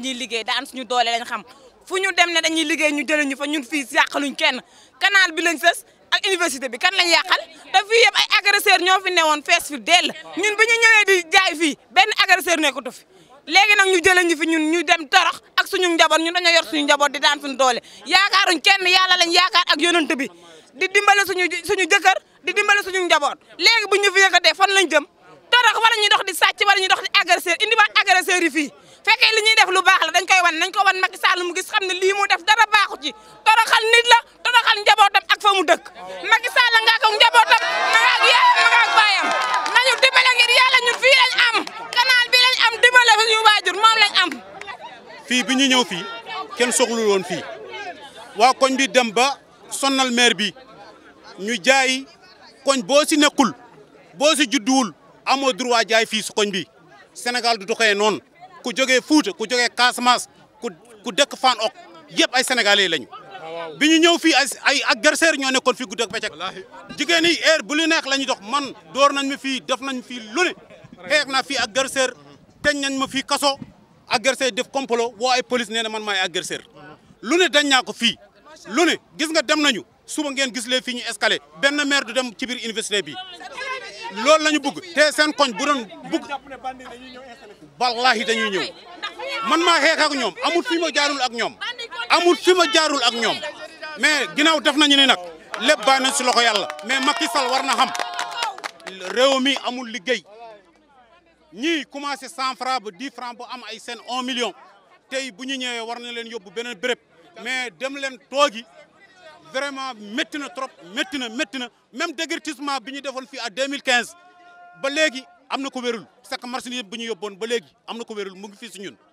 dañuy liggéey daan suñu doole lañ xam fu ñu dem ne dañuy liggéey ñu jëlee ñu fa ñun fii yàqaluñ kenn canal bi lañ sës ak université bi kan lañ yàqal te fii yëpp ay agresseur ñoo fi newoon fees fi dell ñun bi ñu ñëwee di jaay fii benn agresseur nekkatu fi léegi nag ñu jëlee ñu fi ñun ñu dem torox ak suñu njaboot ñun dañoo yor suñu njaboot di daan suñu doole yaakaaruñ kenn yàlla lañ yaakaar ak yonent bi di dimbala suñu suñu jëkkër di dimbale suñu njaboot léegi bu ñu fi yëkkatee fan lañ jëm torox wala ñuy dox di sàcc wala ñuy dox di agresseur indi ba agresseur yi fii fekkee li ñuy def lu baax la dañ koy wan nañ ko wan Macky Sall mu gis xamne li mu def dara baaxu ci toroxal nit la toroxal njabootam ak famu dekk Macky Sall nga ko njabootam nga ak yaayam nga ak bayam nañu dimbalé ngir yalla ñun fi lañ am canal bi lañ am dimbalé ñu wajur mom lañ am fi bi ñu ñëw fii kenn soxlu won fi wa koñ bi dem ba sonnal maire bi ñu jaay koñ bo ci nekkul bo ci juddul amo droit jaay fi koñ bi senegal du doxee non ku jógee Fuuta ku jógee Casamance ku ku dëkk Fann ok yëpp ay sénégalais lañu. bi ñu ñëw fii ay ak gerseer ñoo nekkoon fii guddeeg bëccëg jigéen yi heure bu lu neex la ñuy dox man door nañ ma fii def nañ fii lu ne na naa fii ak gerseer teñ nañ ma fii kaso ak gerseer def complot wo ay police nee na man ma ak gerseer lu dañ naa ko fii lu gis nga dem nañu suba ngeen gis lee fii ñu escalé benn maire du dem ci biir université bi loolu la ñu bëgg te seen koñ bu doon bëgg wallaahi dañuy ñëw man maa xeex ak ñoom amul fi ma jaarul ak ñoom amul fi ma jaarul ak ñoom mais ginnaaw def nañu ne nag lépp bàyyi nañ si loxo yàlla mais Macky Sall war na xam réew mi amul liggéey ñii commencé cent franc ba dix franc ba am ay seen un million tey bu ñu ñëwee war na leen yóbbu beneen béréb mais dem leen toogi vraiment métti na trop métti na métti na même déguerpissement bi ñu defoon fii à 2015 ba léegi am na ko wérul parce que marchandise bi ñu yóbboon ba léegi am na ko wérul mu ngi fii si ñun.